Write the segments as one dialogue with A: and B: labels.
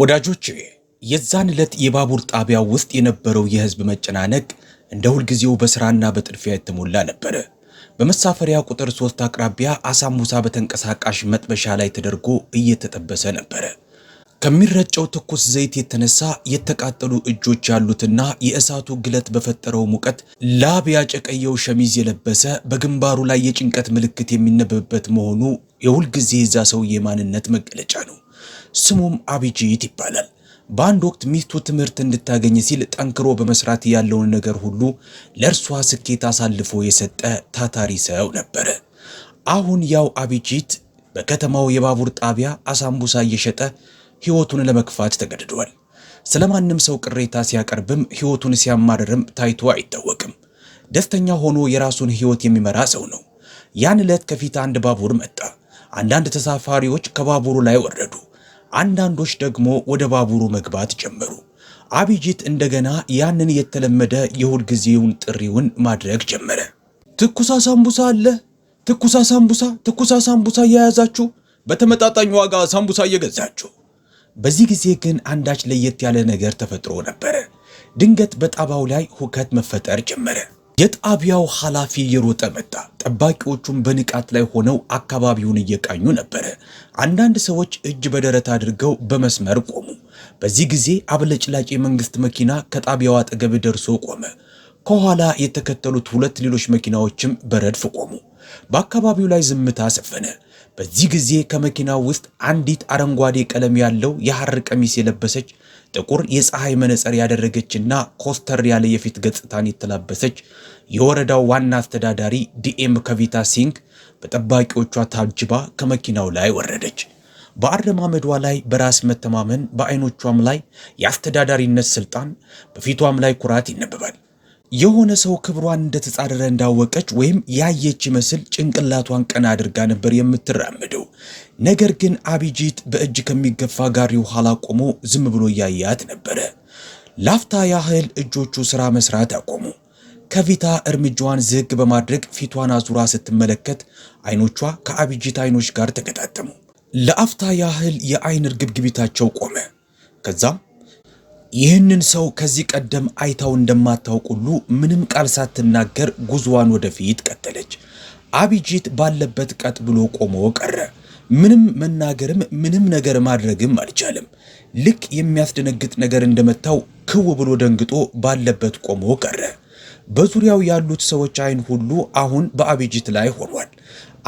A: ወዳጆቼ የዛን ዕለት የባቡር ጣቢያ ውስጥ የነበረው የህዝብ መጨናነቅ እንደ ሁልጊዜው በስራና በጥድፊያ የተሞላ ነበር። በመሳፈሪያ ቁጥር ሶስት አቅራቢያ አሳሙሳ በተንቀሳቃሽ መጥበሻ ላይ ተደርጎ እየተጠበሰ ነበር። ከሚረጨው ትኩስ ዘይት የተነሳ የተቃጠሉ እጆች ያሉትና የእሳቱ ግለት በፈጠረው ሙቀት ላብ ያጨቀየው ሸሚዝ የለበሰ በግንባሩ ላይ የጭንቀት ምልክት የሚነበብበት መሆኑ የሁልጊዜ የዛ ሰው የማንነት መገለጫ ነው። ስሙም አቢጂት ይባላል። በአንድ ወቅት ሚስቱ ትምህርት እንድታገኝ ሲል ጠንክሮ በመስራት ያለውን ነገር ሁሉ ለእርሷ ስኬት አሳልፎ የሰጠ ታታሪ ሰው ነበረ። አሁን ያው አቢጂት በከተማው የባቡር ጣቢያ አሳምቡሳ እየሸጠ ሕይወቱን ለመግፋት ተገድዷል። ስለማንም ሰው ቅሬታ ሲያቀርብም ሕይወቱን ሲያማርርም ታይቶ አይታወቅም። ደስተኛ ሆኖ የራሱን ሕይወት የሚመራ ሰው ነው። ያን ዕለት ከፊት አንድ ባቡር መጣ። አንዳንድ ተሳፋሪዎች ከባቡሩ ላይ ወረዱ። አንዳንዶች ደግሞ ወደ ባቡሩ መግባት ጀመሩ። አቢጂት እንደገና ያንን የተለመደ ጊዜውን ጥሪውን ማድረግ ጀመረ። ትኩሳ ሳምቡሳ አለ፣ ትኩሳ ሳምቡሳ፣ ትኩሳ ሳምቡሳ እየያዛችሁ በተመጣጣኝ ዋጋ ሳምቡሳ እየገዛችሁ። በዚህ ጊዜ ግን አንዳች ለየት ያለ ነገር ተፈጥሮ ነበረ። ድንገት በጣባው ላይ ሁከት መፈጠር ጀመረ። የጣቢያው ኃላፊ እየሮጠ መጣ። ጠባቂዎቹም በንቃት ላይ ሆነው አካባቢውን እየቃኙ ነበረ። አንዳንድ ሰዎች እጅ በደረት አድርገው በመስመር ቆሙ። በዚህ ጊዜ አብለጭላጭ የመንግስት መኪና ከጣቢያው አጠገብ ደርሶ ቆመ። ከኋላ የተከተሉት ሁለት ሌሎች መኪናዎችም በረድፍ ቆሙ። በአካባቢው ላይ ዝምታ ሰፈነ። በዚህ ጊዜ ከመኪናው ውስጥ አንዲት አረንጓዴ ቀለም ያለው የሐር ቀሚስ የለበሰች ጥቁር የፀሐይ መነጽር ያደረገችና ኮስተር ያለ የፊት ገጽታን የተላበሰች የወረዳው ዋና አስተዳዳሪ ዲኤም ከቪታ ሲንግ በጠባቂዎቿ ታጅባ ከመኪናው ላይ ወረደች። በአረማመዷ ላይ በራስ መተማመን፣ በአይኖቿም ላይ የአስተዳዳሪነት ስልጣን፣ በፊቷም ላይ ኩራት ይነበባል። የሆነ ሰው ክብሯን እንደተጻረረ እንዳወቀች ወይም ያየች ይመስል ጭንቅላቷን ቀና አድርጋ ነበር የምትራመደው። ነገር ግን አቢጂት በእጅ ከሚገፋ ጋሪው ኋላ ቆሞ ዝም ብሎ እያያት ነበረ። ላፍታ ያህል እጆቹ ሥራ መሥራት አቆሙ። ከቪታ እርምጃዋን ዝግ በማድረግ ፊቷን አዙራ ስትመለከት አይኖቿ ከአቢጂት አይኖች ጋር ተገጣጠሙ። ለአፍታ ያህል የአይን እርግብግቢታቸው ቆመ። ከዛም ይህንን ሰው ከዚህ ቀደም አይታው እንደማታውቅ ሁሉ ምንም ቃል ሳትናገር ጉዞዋን ወደፊት ቀጠለች። አቢጂት ባለበት ቀጥ ብሎ ቆሞ ቀረ። ምንም መናገርም ምንም ነገር ማድረግም አልቻለም። ልክ የሚያስደነግጥ ነገር እንደመታው ክው ብሎ ደንግጦ ባለበት ቆሞ ቀረ። በዙሪያው ያሉት ሰዎች አይን ሁሉ አሁን በአቢጂት ላይ ሆኗል።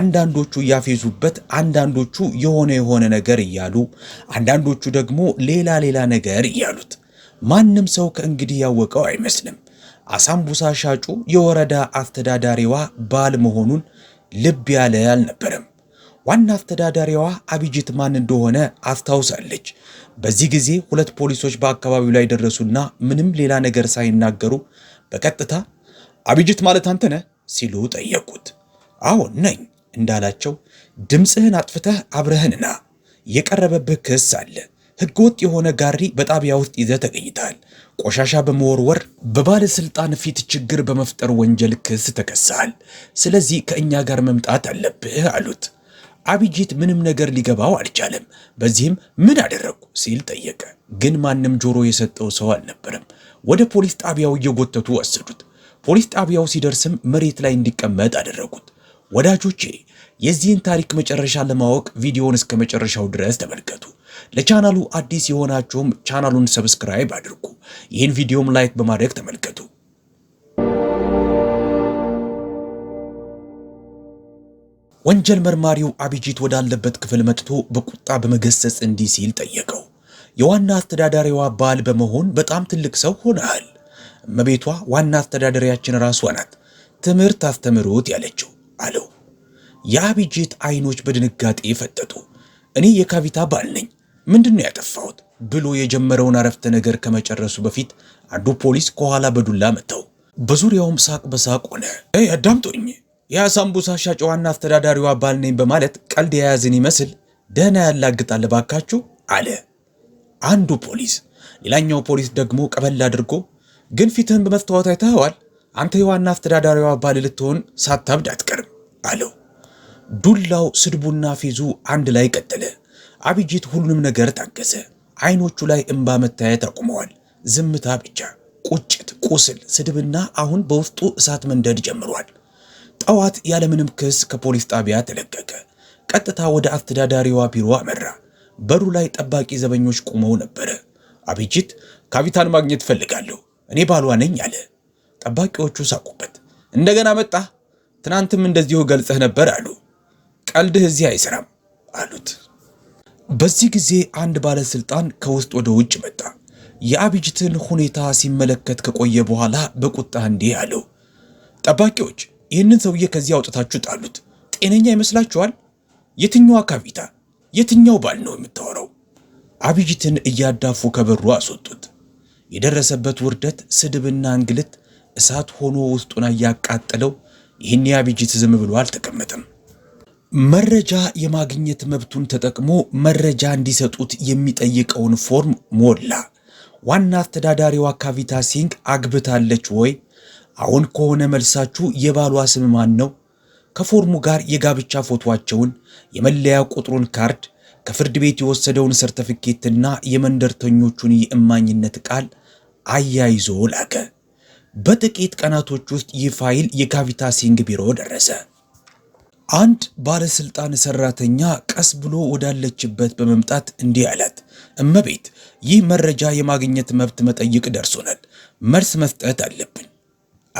A: አንዳንዶቹ ያፌዙበት፣ አንዳንዶቹ የሆነ የሆነ ነገር እያሉ፣ አንዳንዶቹ ደግሞ ሌላ ሌላ ነገር እያሉት ማንም ሰው ከእንግዲህ ያወቀው አይመስልም። አሳምቡሳ ሻጩ የወረዳ አስተዳዳሪዋ ባል መሆኑን ልብ ያለ አልነበረም። ዋና አስተዳዳሪዋ አቢጅት ማን እንደሆነ አስታውሳለች። በዚህ ጊዜ ሁለት ፖሊሶች በአካባቢው ላይ ደረሱና ምንም ሌላ ነገር ሳይናገሩ በቀጥታ አቢጅት ማለት አንተ ነህ ሲሉ ጠየቁት። አዎ ነኝ እንዳላቸው ድምፅህን አጥፍተህ አብረህንና የቀረበብህ ክስ አለ ህገወጥ የሆነ ጋሪ በጣቢያ ውስጥ ይዘ ተገኝታል። ቆሻሻ በመወርወር በባለስልጣን ፊት ችግር በመፍጠር ወንጀል ክስ ተከሳል። ስለዚህ ከእኛ ጋር መምጣት አለብህ አሉት። አቢጂት ምንም ነገር ሊገባው አልቻለም። በዚህም ምን አደረግኩ ሲል ጠየቀ። ግን ማንም ጆሮ የሰጠው ሰው አልነበረም። ወደ ፖሊስ ጣቢያው እየጎተቱ ወሰዱት። ፖሊስ ጣቢያው ሲደርስም መሬት ላይ እንዲቀመጥ አደረጉት። ወዳጆቼ የዚህን ታሪክ መጨረሻ ለማወቅ ቪዲዮውን እስከ መጨረሻው ድረስ ተመልከቱ። ለቻናሉ አዲስ የሆናችሁም ቻናሉን ሰብስክራይብ አድርጉ። ይህን ቪዲዮም ላይክ በማድረግ ተመልከቱ። ወንጀል መርማሪው አብጂት ወዳለበት ክፍል መጥቶ በቁጣ በመገሰጽ እንዲህ ሲል ጠየቀው። የዋና አስተዳዳሪዋ ባል በመሆን በጣም ትልቅ ሰው ሆነሃል። እመቤቷ ዋና አስተዳዳሪያችን ራሷ ናት ትምህርት አስተምሮት ያለችው አለው። የአብጂት አይኖች በድንጋጤ ፈጠጡ። እኔ የካቪታ ባል ነኝ ምንድን ነው ያጠፋሁት ብሎ የጀመረውን አረፍተ ነገር ከመጨረሱ በፊት አንዱ ፖሊስ ከኋላ በዱላ መተው! በዙሪያውም ሳቅ በሳቅ ሆነ። ይ አዳምጦኝ የአሳምቡሳ ሻጭዋና አስተዳዳሪዋ ባል ነኝ በማለት ቀልድ የያዝን ይመስል ደህና ያላግጣል ባካችሁ አለ አንዱ ፖሊስ። ሌላኛው ፖሊስ ደግሞ ቀበል አድርጎ ግን ፊትህን በመስተዋት አይተኸዋል፣ አንተ የዋና አስተዳዳሪዋ ባል ልትሆን ሳታብድ አትቀርም አለው። ዱላው ስድቡና ፌዙ አንድ ላይ ቀጠለ። አብጂት ሁሉንም ነገር ታገሰ። አይኖቹ ላይ እንባ መታየት አቁመዋል። ዝምታ ብቻ፣ ቁጭት፣ ቁስል፣ ስድብና አሁን በውስጡ እሳት መንደድ ጀምሯል። ጠዋት ያለምንም ክስ ከፖሊስ ጣቢያ ተለቀቀ። ቀጥታ ወደ አስተዳዳሪዋ ቢሮ አመራ። በሩ ላይ ጠባቂ ዘበኞች ቆመው ነበረ። አብጂት ካቪታን ማግኘት እፈልጋለሁ፣ እኔ ባሏ ነኝ አለ። ጠባቂዎቹ ሳቁበት። እንደገና መጣ፣ ትናንትም እንደዚሁ ገልጸህ ነበር አሉ። ቀልድህ እዚህ አይሰራም አሉት። በዚህ ጊዜ አንድ ባለስልጣን ከውስጥ ወደ ውጭ መጣ። የአብጅትን ሁኔታ ሲመለከት ከቆየ በኋላ በቁጣ እንዲህ አለው፣ ጠባቂዎች ይህንን ሰውዬ ከዚህ አውጥታችሁ ጣሉት። ጤነኛ ይመስላችኋል? የትኛው ካቢታ የትኛው ባል ነው የምታወራው? አብጅትን እያዳፉ ከበሩ አስወጡት። የደረሰበት ውርደት፣ ስድብና እንግልት እሳት ሆኖ ውስጡን እያቃጠለው፣ ይህን የአብጅት ዝም ብሎ አልተቀመጠም። መረጃ የማግኘት መብቱን ተጠቅሞ መረጃ እንዲሰጡት የሚጠይቀውን ፎርም ሞላ። ዋና አስተዳዳሪዋ ካቪታ ሲንግ አግብታለች ወይ? አሁን ከሆነ መልሳችሁ የባሏ ስም ማን ነው? ከፎርሙ ጋር የጋብቻ ፎቶአቸውን፣ የመለያ ቁጥሩን ካርድ፣ ከፍርድ ቤት የወሰደውን ሰርተፊኬትና የመንደርተኞቹን የእማኝነት ቃል አያይዞ ላከ። በጥቂት ቀናቶች ውስጥ ይህ ፋይል የካቪታ ሲንግ ቢሮ ደረሰ። አንድ ባለስልጣን ሰራተኛ ቀስ ብሎ ወዳለችበት በመምጣት እንዲህ አላት፣ እመቤት፣ ይህ መረጃ የማግኘት መብት መጠይቅ ደርሶናል፣ መልስ መስጠት አለብን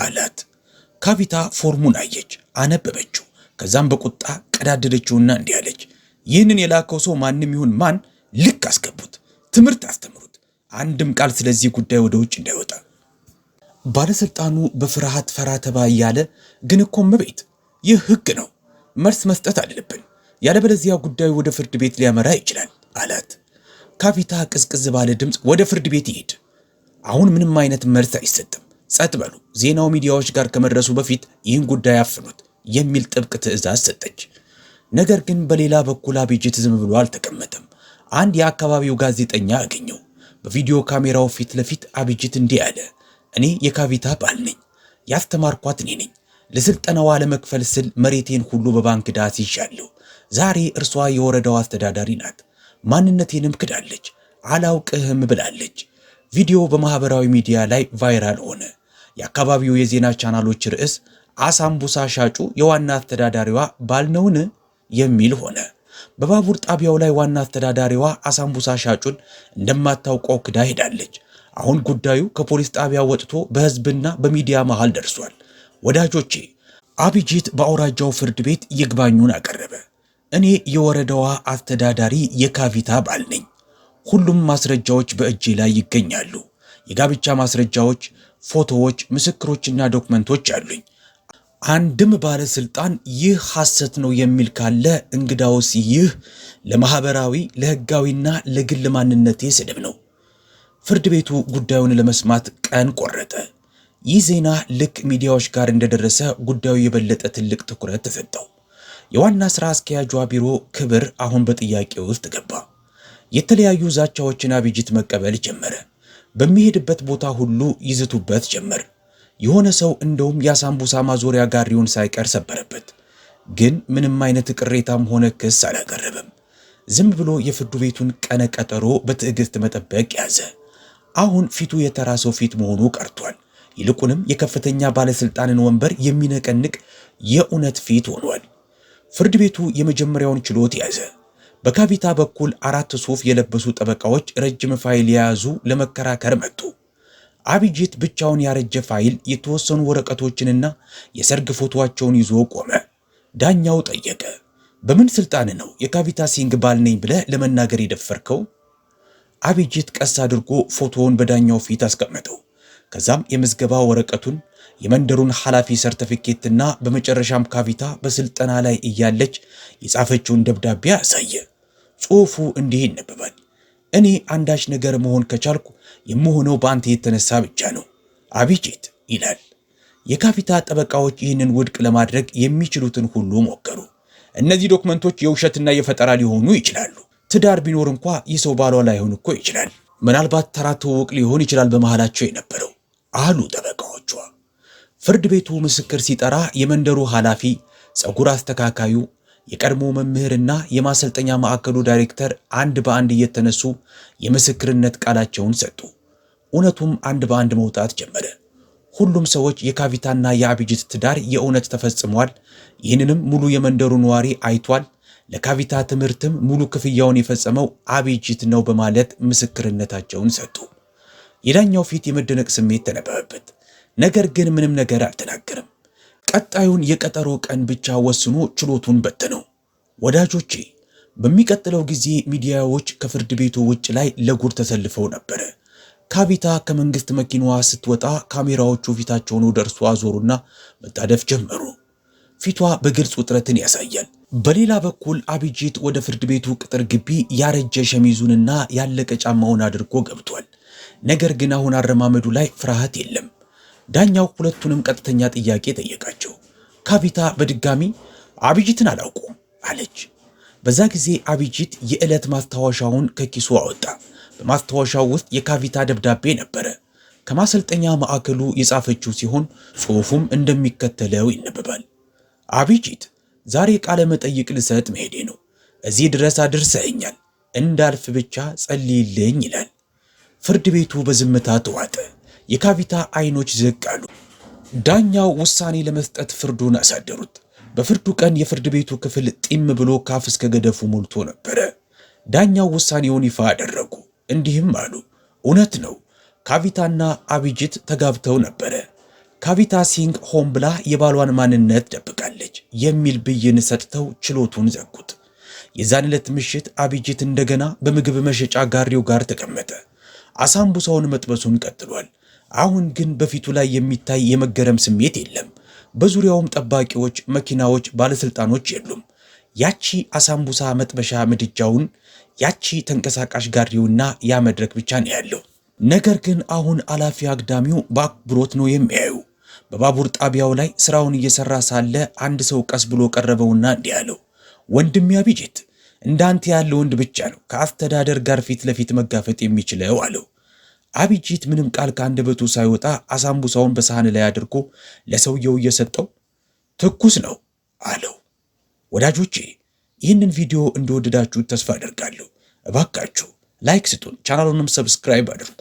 A: አላት። ካቢታ ፎርሙን አየች፣ አነበበችው። ከዛም በቁጣ ቀዳደደችውና እንዲህ አለች፣ ይህንን የላከው ሰው ማንም ይሁን ማን ልክ አስገቡት፣ ትምህርት አስተምሩት፣ አንድም ቃል ስለዚህ ጉዳይ ወደ ውጭ እንዳይወጣ። ባለስልጣኑ በፍርሃት ፈራ ተባ እያለ ግን እኮ እመቤት፣ ይህ ህግ ነው መልስ መስጠት አለብን፣ ያለበለዚያ ጉዳዩ ወደ ፍርድ ቤት ሊያመራ ይችላል አላት። ካፒታ ቅዝቅዝ ባለ ድምፅ ወደ ፍርድ ቤት ይሄድ። አሁን ምንም አይነት መልስ አይሰጥም፣ ጸጥ በሉ፣ ዜናው ሚዲያዎች ጋር ከመድረሱ በፊት ይህን ጉዳይ አፍኑት የሚል ጥብቅ ትዕዛዝ ሰጠች። ነገር ግን በሌላ በኩል አቤጅት ዝም ብሎ አልተቀመጠም። አንድ የአካባቢው ጋዜጠኛ አገኘው። በቪዲዮ ካሜራው ፊት ለፊት አቤጅት እንዲህ አለ። እኔ የካቪታ ባል ነኝ። ያስተማርኳት እኔ ነኝ። ለስልጠናዋ ለመክፈል ስል መሬቴን ሁሉ በባንክ ዳስ ይዣለሁ። ዛሬ እርሷ የወረዳው አስተዳዳሪ ናት። ማንነቴንም ክዳለች፣ አላውቅህም ብላለች። ቪዲዮ በማኅበራዊ ሚዲያ ላይ ቫይራል ሆነ። የአካባቢው የዜና ቻናሎች ርዕስ አሳምቡሳ ሻጩ የዋና አስተዳዳሪዋ ባልነውን የሚል ሆነ። በባቡር ጣቢያው ላይ ዋና አስተዳዳሪዋ አሳምቡሳ ሻጩን እንደማታውቀው ክዳ ሄዳለች። አሁን ጉዳዩ ከፖሊስ ጣቢያ ወጥቶ በሕዝብና በሚዲያ መሃል ደርሷል። ወዳጆቼ አቢጂት በአውራጃው ፍርድ ቤት ይግባኙን አቀረበ። እኔ የወረዳዋ አስተዳዳሪ የካቪታ ባል ነኝ። ሁሉም ማስረጃዎች በእጄ ላይ ይገኛሉ። የጋብቻ ማስረጃዎች፣ ፎቶዎች፣ ምስክሮችና ዶክመንቶች አሉኝ። አንድም ባለስልጣን ይህ ሐሰት ነው የሚል ካለ እንግዳውስ ይህ ለማኅበራዊ ለሕጋዊና ለግል ማንነቴ ስድብ ነው። ፍርድ ቤቱ ጉዳዩን ለመስማት ቀን ቆረጠ። ይህ ዜና ልክ ሚዲያዎች ጋር እንደደረሰ ጉዳዩ የበለጠ ትልቅ ትኩረት ተሰጠው። የዋና ስራ አስኪያጇ ቢሮ ክብር አሁን በጥያቄ ውስጥ ገባ። የተለያዩ ዛቻዎችን አብጅት መቀበል ጀመረ። በሚሄድበት ቦታ ሁሉ ይዝቱበት ጀመር። የሆነ ሰው እንደውም የአሳምቡሳ ማዞሪያ ጋሪውን ሳይቀር ሰበረበት። ግን ምንም አይነት ቅሬታም ሆነ ክስ አላቀረበም። ዝም ብሎ የፍርድ ቤቱን ቀነ ቀጠሮ በትዕግስት መጠበቅ ያዘ። አሁን ፊቱ የተራ ሰው ፊት መሆኑ ቀርቷል። ይልቁንም የከፍተኛ ባለስልጣንን ወንበር የሚነቀንቅ የእውነት ፊት ሆኗል። ፍርድ ቤቱ የመጀመሪያውን ችሎት ያዘ። በካቢታ በኩል አራት ሱፍ የለበሱ ጠበቃዎች ረጅም ፋይል የያዙ ለመከራከር መጡ። አብጂት ብቻውን ያረጀ ፋይል፣ የተወሰኑ ወረቀቶችንና የሰርግ ፎቶቸውን ይዞ ቆመ። ዳኛው ጠየቀ። በምን ስልጣን ነው የካቢታ ሲንግ ባል ነኝ ብለህ ለመናገር የደፈርከው? አብጂት ቀስ አድርጎ ፎቶውን በዳኛው ፊት አስቀመጠው። ከዛም የምዝገባ ወረቀቱን የመንደሩን ኃላፊ ሰርተፊኬትና በመጨረሻም ካቪታ በስልጠና ላይ እያለች የጻፈችውን ደብዳቤ አሳየ። ጽሑፉ እንዲህ ይነበባል። እኔ አንዳች ነገር መሆን ከቻልኩ የምሆነው በአንተ የተነሳ ብቻ ነው አቢጄት ይላል። የካፊታ ጠበቃዎች ይህንን ውድቅ ለማድረግ የሚችሉትን ሁሉ ሞከሩ። እነዚህ ዶክመንቶች የውሸትና የፈጠራ ሊሆኑ ይችላሉ። ትዳር ቢኖር እንኳ ይህ ሰው ባሏ ላይሆን እኮ ይችላል። ምናልባት ተራ ትውውቅ ሊሆን ይችላል በመሃላቸው የነበረው አሉ ጠበቃዎቿ። ፍርድ ቤቱ ምስክር ሲጠራ የመንደሩ ኃላፊ፣ ፀጉር አስተካካዩ፣ የቀድሞ መምህርና የማሰልጠኛ ማዕከሉ ዳይሬክተር አንድ በአንድ እየተነሱ የምስክርነት ቃላቸውን ሰጡ። እውነቱም አንድ በአንድ መውጣት ጀመረ። ሁሉም ሰዎች የካቪታና የአብጅት ትዳር የእውነት ተፈጽሟል፣ ይህንንም ሙሉ የመንደሩ ነዋሪ አይቷል፣ ለካቪታ ትምህርትም ሙሉ ክፍያውን የፈጸመው አብጅት ነው በማለት ምስክርነታቸውን ሰጡ። የዳኛው ፊት የመደነቅ ስሜት ተነበበበት። ነገር ግን ምንም ነገር አልተናገረም። ቀጣዩን የቀጠሮ ቀን ብቻ ወስኖ ችሎቱን በተነው። ወዳጆቼ በሚቀጥለው ጊዜ ሚዲያዎች ከፍርድ ቤቱ ውጭ ላይ ለጉድ ተሰልፈው ነበር። ካቢታ ከመንግስት መኪናዋ ስትወጣ ካሜራዎቹ ፊታቸውን ወደ እርሷ አዞሩና መጣደፍ ጀመሩ። ፊቷ በግልጽ ውጥረትን ያሳያል። በሌላ በኩል አቢጂት ወደ ፍርድ ቤቱ ቅጥር ግቢ ያረጀ ሸሚዙንና ያለቀ ጫማውን አድርጎ ገብቷል። ነገር ግን አሁን አረማመዱ ላይ ፍርሃት የለም። ዳኛው ሁለቱንም ቀጥተኛ ጥያቄ ጠየቃቸው። ካቢታ በድጋሚ አብጂትን አላውቁም አለች። በዛ ጊዜ አብጂት የዕለት ማስታወሻውን ከኪሱ አወጣ። በማስታወሻው ውስጥ የካቪታ ደብዳቤ ነበረ። ከማሰልጠኛ ማዕከሉ የጻፈችው ሲሆን ጽሑፉም እንደሚከተለው ይነበባል። አብጂት፣ ዛሬ ቃለ መጠይቅ ልሰጥ መሄዴ ነው። እዚህ ድረስ አድርሰኸኛል። እንዳልፍ ብቻ ጸልይልኝ ይላል። ፍርድ ቤቱ በዝምታ ተዋጠ። የካቢታ አይኖች ዝቅ አሉ። ዳኛው ውሳኔ ለመስጠት ፍርዱን አሳደሩት። በፍርዱ ቀን የፍርድ ቤቱ ክፍል ጢም ብሎ ካፍ እስከ ገደፉ ሞልቶ ነበረ። ዳኛው ውሳኔውን ይፋ አደረጉ። እንዲህም አሉ። እውነት ነው፣ ካቪታና አቢጅት ተጋብተው ነበረ። ካቪታ ሲንግ ሆን ብላ የባሏን ማንነት ደብቃለች የሚል ብይን ሰጥተው ችሎቱን ዘጉት። የዛን ዕለት ምሽት አቢጅት እንደገና በምግብ መሸጫ ጋሪው ጋር ተቀመጠ። አሳምቡሳውን መጥበሱን ቀጥሏል። አሁን ግን በፊቱ ላይ የሚታይ የመገረም ስሜት የለም። በዙሪያውም ጠባቂዎች፣ መኪናዎች፣ ባለስልጣኖች የሉም። ያቺ አሳምቡሳ መጥበሻ ምድጃውን፣ ያቺ ተንቀሳቃሽ ጋሪውና ያ መድረክ ብቻ ነው ያለው። ነገር ግን አሁን አላፊ አግዳሚው በአክብሮት ነው የሚያዩ። በባቡር ጣቢያው ላይ ስራውን እየሰራ ሳለ አንድ ሰው ቀስ ብሎ ቀረበውና እንዲህ አለው፣ ወንድም ያቢጀት እንዳንተ ያለ ወንድ ብቻ ነው ከአስተዳደር ጋር ፊት ለፊት መጋፈጥ የሚችለው አለው። አቢጂት ምንም ቃል ከአንደበቱ ሳይወጣ አሳምቡሳውን በሳህን ላይ አድርጎ ለሰውየው እየሰጠው ትኩስ ነው አለው። ወዳጆቼ ይህንን ቪዲዮ እንደወደዳችሁ ተስፋ አደርጋለሁ። እባካችሁ ላይክ ስጡን፣ ቻናሉንም ሰብስክራይብ አድርጉ።